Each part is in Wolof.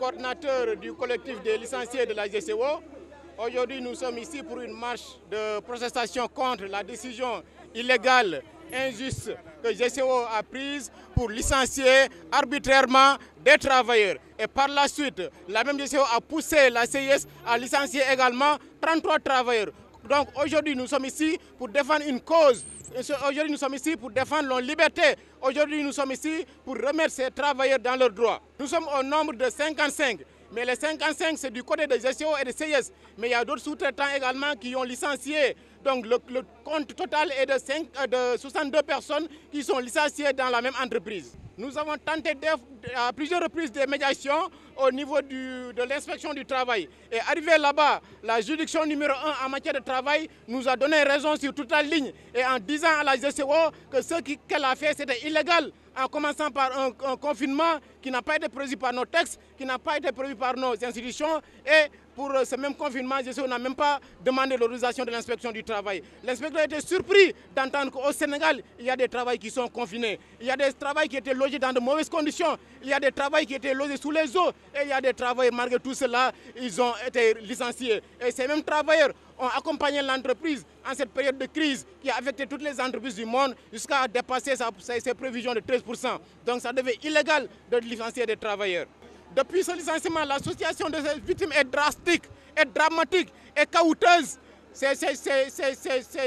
coordinateur du collectif des de la GCO. Aujourd'hui, nous sommes ici pour une marche de protestation contre la décision illégale, injuste que GCO a prise pour licencier arbitrairement des travailleurs. Et par la suite, la même GCO a poussé la CIS à licencier également 33 travailleurs. Donc aujourd'hui, nous Aujourd'hui, nous sommes ici pour défendre nos libertés. Aujourd'hui, nous sommes ici pour remercier les travailleurs dans leurs droits. Nous sommes au nombre de 55. Mais les 55, c'est du côté des GCO e et des CIS. E Mais Donc le, le compte total est de, 5, euh, de 62 personnes qui sont la même entreprise. Nous à plusieurs reprises des au niveau du, de l'inspection de travail nous a donné raison sur en à la GCO que ce qu'elle a fait, c'était illégal, en commençant par un, un confinement par nos textes, qui n'a pas été prévu par nos institutions. Et pour euh, ce même confinement, je sais, on n'a même pas demandé l'autorisation de l'inspection du travail. L'inspecteur était surpris d'entendre qu'au Sénégal, il y a des travails qui sont confinés. Il y a des travails qui étaient logés dans de mauvaises conditions. Il y a des travails qui étaient logés Et il y a des travailleurs, ont accompagné l'entreprise en cette période de crise qui a affecté toutes les entreprises du monde jusqu'à dépasser ses prévisions Depuis ce licenciement, la situation de ces victimes est drastique, est dramatique, est caouteuse. Ces, ces, ces,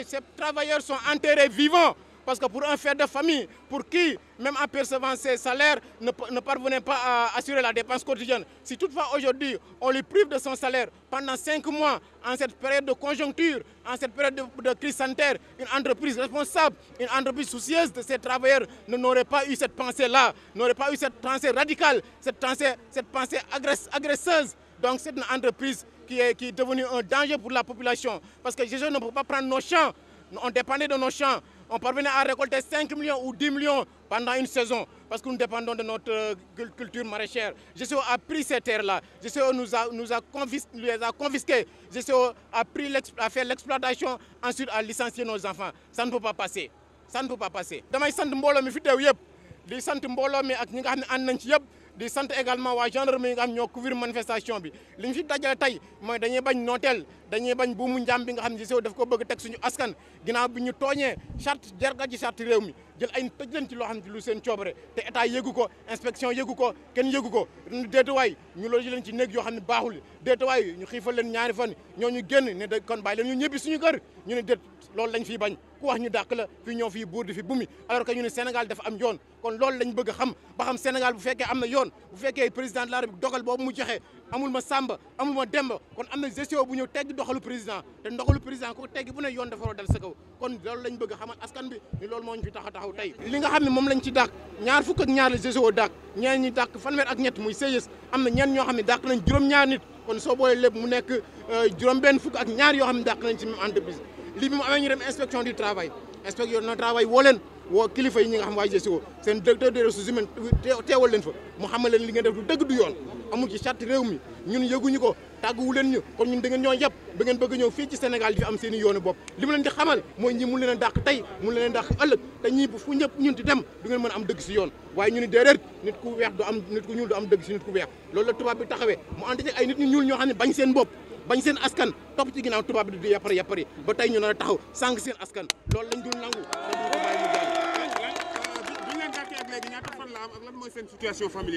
ces travailleurs sont enterrés vivants. Parce que pour un père de famille, pour qui, même en percevant ses salaires, ne, ne parvenait pas à assurer la dépense quotidienne, si toutefois aujourd'hui on lui prive de son salaire pendant cinq mois, en cette période de conjoncture, en cette période de, de crise sanitaire, une entreprise responsable, une entreprise soucieuse de ses travailleurs n'aurait pas eu cette pensée-là, n'aurait pas eu cette pensée radicale, cette pensée, agresseuse. Donc c'est une entreprise pour la population. Parce que les gens ne on parvenait à récolter cinq millions ou 10 millions pendant une saison parce que nous dépendons de notre euh, culture maraîchère. GCO a pris ces terres-là. GCO nous a, nous a confis, les a confisquées. GCO a, a fait l'exploitation, ensuite a licencié nos enfants. Ça ne pas passer. Ça ne pas passer. damay sant mbooloo mi fi teew yëpp di sant mbooloo mi ak ñi nga xam ne ànd nañ ci di sant également waa genre yi nga xam ñoo couvrir manifestation bi li ñu fi dajale tey mooy dañuy bañ nooteel dañuy bañ buumu njàm bi nga xam ne si daf ko bëgg teg suñu askan ginnaaw bi ñu tooñee charte jargat ji charte réew mi jël ay tëj leen ci loo xam ne lu seen coobare te état yëgu ko inspection yëgu ko kenn yëgu ko déetuwaay ñu loolu leen ci néeg yoo xam ne baaxul déetuwaay ñu xiifal leen ñaari fan ñoo ñu génn ne da kon bàyyi leen ñu ñëbbi suñu kër ñu ne déet loolu lañ fiy bañ ku wax ñu dàq la fi ñoo fii buur di fi bumi alors que ñu ne Sénégal dafa am yoon kon loolu lañ bëgg a xam ba xam Sénégal bu fekkee am na yoon bu fekkee président de la République dogal boobu mu joxe amul ma Samba amul ma Demba kon am na gestion bu ñëw tegg doxalu président te doxalu président ko tegg bu ne yoon dafa war a dal sa kaw kon loolu lañ bëgg a xamal askan bi ñu loolu moo ñu fi tax a taxaw tey li nga xam ne moom lañ ci dàq ñaar fukk ak ñaar la gestion dàq ñeen ñi dàq fanweer ak ñett muy CES am na ñeen ñoo xam ne dàq nañ juróom-ñaar kon soo boolee lépp mu nekk euh, juróom benn fukk ak ñaar yoo xam ne dàq nañ ci même entreprise lii bi mu amee ñu dem inspection du travail inspection du travail woo woo kilifa yi ñi nga xam waa GCO seen directeur des ressources humaines teewal leen fa mu xamal leen li ngeen def du dëgg du yoon amul ci charte réew mi ñun yëguñu ko tàgguwu leen ñu kon ñun da ngeen ñoo yàpp ba ngeen bëgg ñëw fii ci Sénégal di fi am seen i yoonu bopp li mu leen di xamal mooy ñi mun leen a dàq tey mun leen a dàq te ñii fu ñëpp ñun di dem du ngeen mën a am dëgg si yoon waaye ñu ni déedéet nit ku weex du am nit ku ñuul du am dëgg si nit ku ñu ñoo xam ne bañ seen bopp bañ seen askan topp ci ginnaaw tubaab bi di yàppari yàppari ba tey ñu nar a taxaw sànq seen askan loolu lañ dul nangu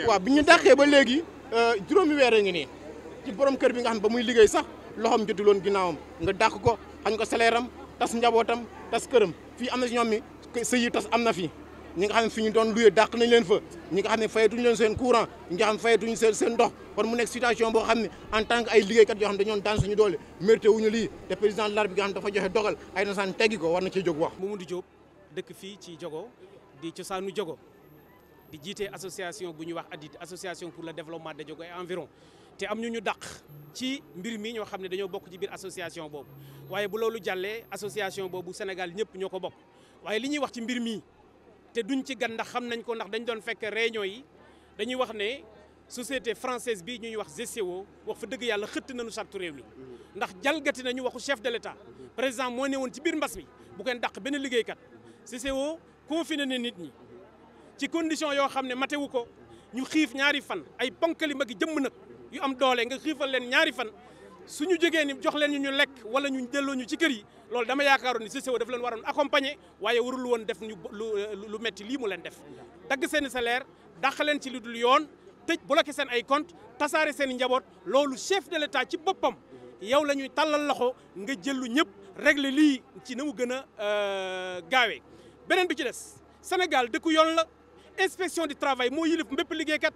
waaw bi ñu dàqee ba léegi euh, juróomi weer a ngi nii ci borom kër bi nga xam ba muy liggéey sax loxoom jotu loon ginnaawam nga dàq ko xañ ko salaire am tas njabootam tas këram fii am na si ñoom mi sëy yi tas am na fii ñu nga xam ne fi ñu nañ leen fa ñi nga xam ne fayatuñ seen courant ñi nga xam ne fayatuñ seen seen ndox kon mu nekk ne en tant que ay liggéeykat yoo xam ne dañoon daan suñu doole mérité wuñu lii te président de la République bi nga xam ko war na cee jóg wax Mamadou Diop dëkk fii ci jogo di cosaanu Diogo di jiite association bu ñuy wax ADID association pour le développement de Diogo et environ te am ñu ñu dàq ci mbir mi ñoo xam ne dañoo bokk ci biir association boobu waaye bu loolu jàllee association boobu Sénégal ñëpp ñoo ko bokk waaye li ñuy wax ci mbir mi te duñ ci gan ndax xam nañ ko ndax dañ doon fekk réunion yi dañuy wax ne société française bii ñuy wax GCO wax fa dëgg yàlla xëtt nañu sartu réew mi ndax jalgati na ñu waxu chef de l'État président moo ne woon ci biir mbas mi bu kenn dàq benn liggéeykat GCO confiné na nit ñi ci condition yoo xam ne matewu ko ñu xiif ñaari fan ay ponkali magi jëmm nag yu am doole nga xiifal leen ñaari fan su ñu jógee ni jox leen ñu ñu lekk wala ñu delloo ñu ci kër yi loolu dama yaakaaroon ni CCO daf leen waroon accompagner waaye warul woon def ñu lu lu metti lii mu leen def dagg seeni i salaire dàq leen ci lu dul yoon tëj bloqué seen ay compte tasaare seen njaboot loolu chef de l'État ci boppam yow la ñuy tàllal loxo nga jëllu ñëpp régler lii ci na mu gën a euh, gaawee beneen bi ci des Sénégal dëkku yoon la inspection du travail moo yilif mbépp liggéeykat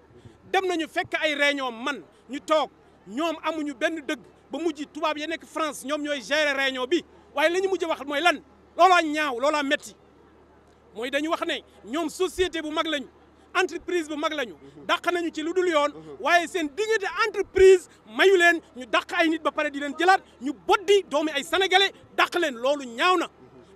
dem nañu fekk ay réunion man ñu toog ñoom amuñu benn dëgg ba mujj tubaab ya nekk France ñoom ñooy gérer réunion bi waaye la ñu mujj wax mooy lan loolaa ñaaw loolu a metti mooy dañu wax ne ñoom société bu mag lañu entreprise bu mag lañu. dàq nañu ci lu dul yoon. waaye seen diggante entreprise mayu leen ñu dàq ay nit ba pare di leen jëlaat ñu boddi doomi ay sénégalais dàq leen loolu ñaaw na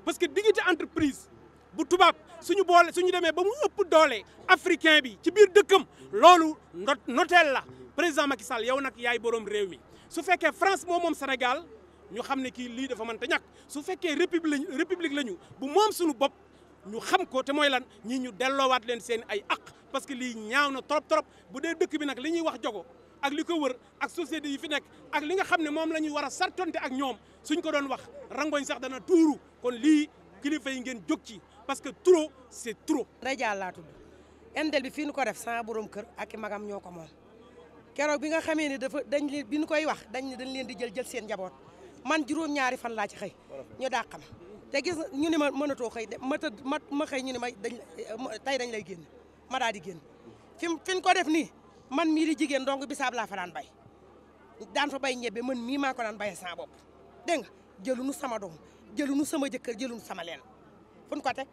parce que diggante entreprise. bu tubaab suñu boole suñu demee ba mu ëpp doole africain bi ci biir dëkkam loolu noteel la président Macky Sall yow nag yaay boroom réew mi su fekkee France moo moom Sénégal ñu xam ne kii lii dafa mën te ñàkk su fekkee république république la ñu bu moom suñu bopp ñu xam ko te mooy lan ñii ñu delloowaat leen seen ay aq parce que lii ñaaw na trop trop bu dee dëkk bi nag li ñuy wax jogo ak li ko wër ak société yi fi nekk ak li nga xam ne moom la ñuy war a sartonte ak ñoom suñ ko doon wax rangoñ sax dana tuuru kon lii kilifa yi ngeen jóg ci parce que trop c'est trop. Ndeye Diallo laa tudd endel bi fii ko def sans borom kër ak i magam ñoo ko keroog bi nga xamee ni dafa dañ leen bi ñu koy wax dañ ne dañ leen di jël jël seen njaboot man juróom-ñaari fan laa ci xëy ñu dàqam te gis ñu ne ma mënatoo xëy de ma tëdd ma ma xëy ñu ne ma dañ tey dañ lay génn ma daal di génn fi fi ñu ko def nii man mii di jigéen donc bisaab laa fa daan bay daan fa bay ñebe man mii maa ko daan bayee saa bopp dégg nga jëluñu sama doom jëluñu sama jëkkër jëluñu sama leen fu ko teg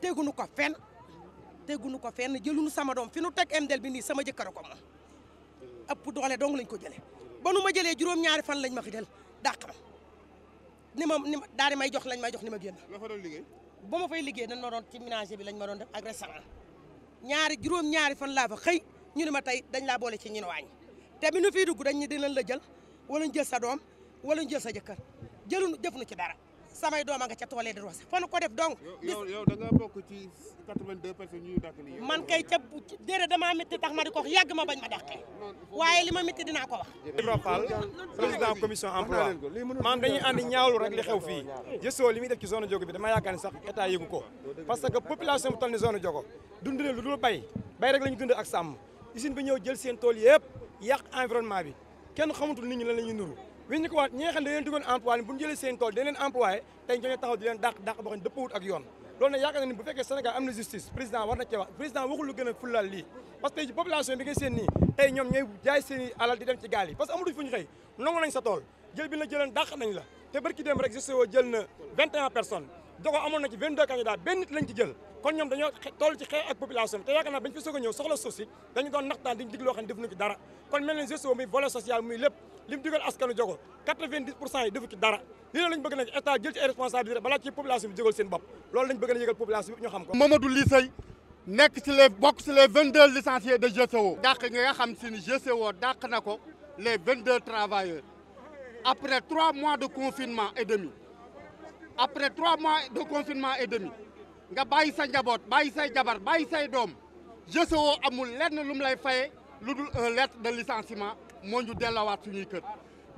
teguñu ko fenn teguñu ko fenn jëluñu sama doom fi nu teg MDL bi nii sama jëkkër ko moom ëpp doole dong lañ ko jëlee ba nu ma jëlee juróom-ñaari fan lañ ma fi del dàq ma ni ma ni ma daal di may jox lañ may jox ni ma génn. na nga fa doon liggéey. ba ma fay liggéey dañ ma doon ci ménager bi lañ ma doon def ak restaurant ñaari juróom-ñaari fan laa fa xëy ñu ne ma tey dañ laa boole ci ñun waañ te bi fii fiy dugg dañ ñu dinañ la jël wala ñu jël sa doom wala ñu jël sa jëkkër jëluñu def nu ci dara. samay doom a nga ca toolee di roose fanu ko def donc. yow yow da nga bokk ci 82 personnes ma di ko yàgg ma bañ ma dàqee waaye li ma métti dinaa ko wax. Ibra Fall président commission emploi maam dañuy ànd ñaawlu rek li xew fii gëstoo li muy def ci zone Diogo bi dama yaakaar ni sax état ko parce que population bu toll ni zone Diogo dund leen lu dul bay bay rek la ñu dund ak sàmm usine bi ñëw jël seen tool yëpp yàq environnement bi kenn xamatul nit ñi lan la ñuy nuru. wén ñu ko waat ñi nga ni bu ñu jëlee tool dañ leen employé tey taxaw di leen dàq dàq dëppawut ak yoon loolu nag yaakaar na bu fekkee Sénégal am na justice président war na cee wax président waxul gën a fulal lii parce que tey bi nga seen nii ñoom ñooy jaay seen i di dem ci gaal yi parce que amatuñ fu ñu nañ sa tool jël bi na jëleen nañ la te barki dem rek gestion jël na 21 personnes doko amoon na ci 22 kon ñoom dañoo toll ci xeex ak population bi te yaakaar naa bañ fi soog a ñëw soxla suuf si dañu doon naxtaan di dig loo xam ne defuñu ci dara kon mel na gestion muy volet social muy lépp li mu digal askanu jogo 90 pour cent yi defu ci dara lii bëgg nag état jël ci ay responsabilité balaa ci population bi jógal seen bopp loolu lañ bëgg na yëgal population bi ñu xam ko Mamadou Lissey nekk ci les bokk de GCO dàq nga si ni GCO dàq na après trois mois de confinement et demi après trois nga bàyyi sa njaboot bàyyi say jabar bàyyi say doom GCO amul lenn lu mu lay faye lu dul un lettre de licenciement moo ñu dellowaat suñuy kër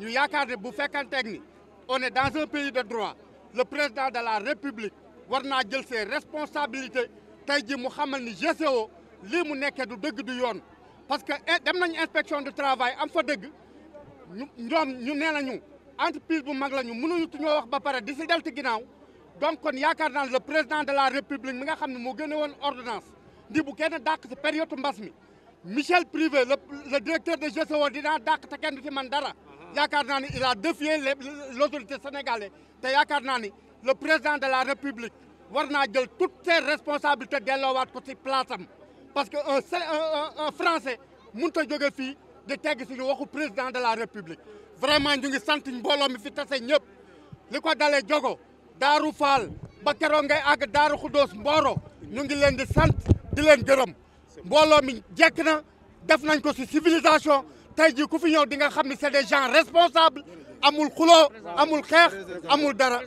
ñu yaakaar ne bu fekkanteeg ni on est dans un pays de droit le président de la république war naa jël ses responsabilités tey ji mu xamal ni GCO lii mu nekkee du dëgg du yoon parce que dem nañ inspection du travail am fa dëgg ñu ñoom ñu nee nañu entreprise bu mag la ñu mënuñu ñoo wax ba pare di si delti ginnaaw donc kon yaakaar naa ne président de la république mi nga xam ne moo gën a woon ordonnance bu kenn dàq si période mbas mi Michel Privé le le directeur de GCO dinaa dàq te kenn du ci man dara yaakaar naa ni il a défié les l' te yaakaar naa ni le président de la république war naa jël toutes ses responsabilités delloowaat ko si place am parce que un un un français mun a jóge fii di tegg si waxu président de la république vraiment ñu ngi sant mbooloo mi fi tase ñëpp li ko dalee jogo daaru faal ba keroog ngay àgg daaru xuddoos mbooro ñu ngi leen di sant di leen gërëm mbooloo mi jekk na def nañ ko ci civilisation tey jii ku fi ñëw di nga xam ne c'est des gens responsables amul xuloo amul xeex amul dara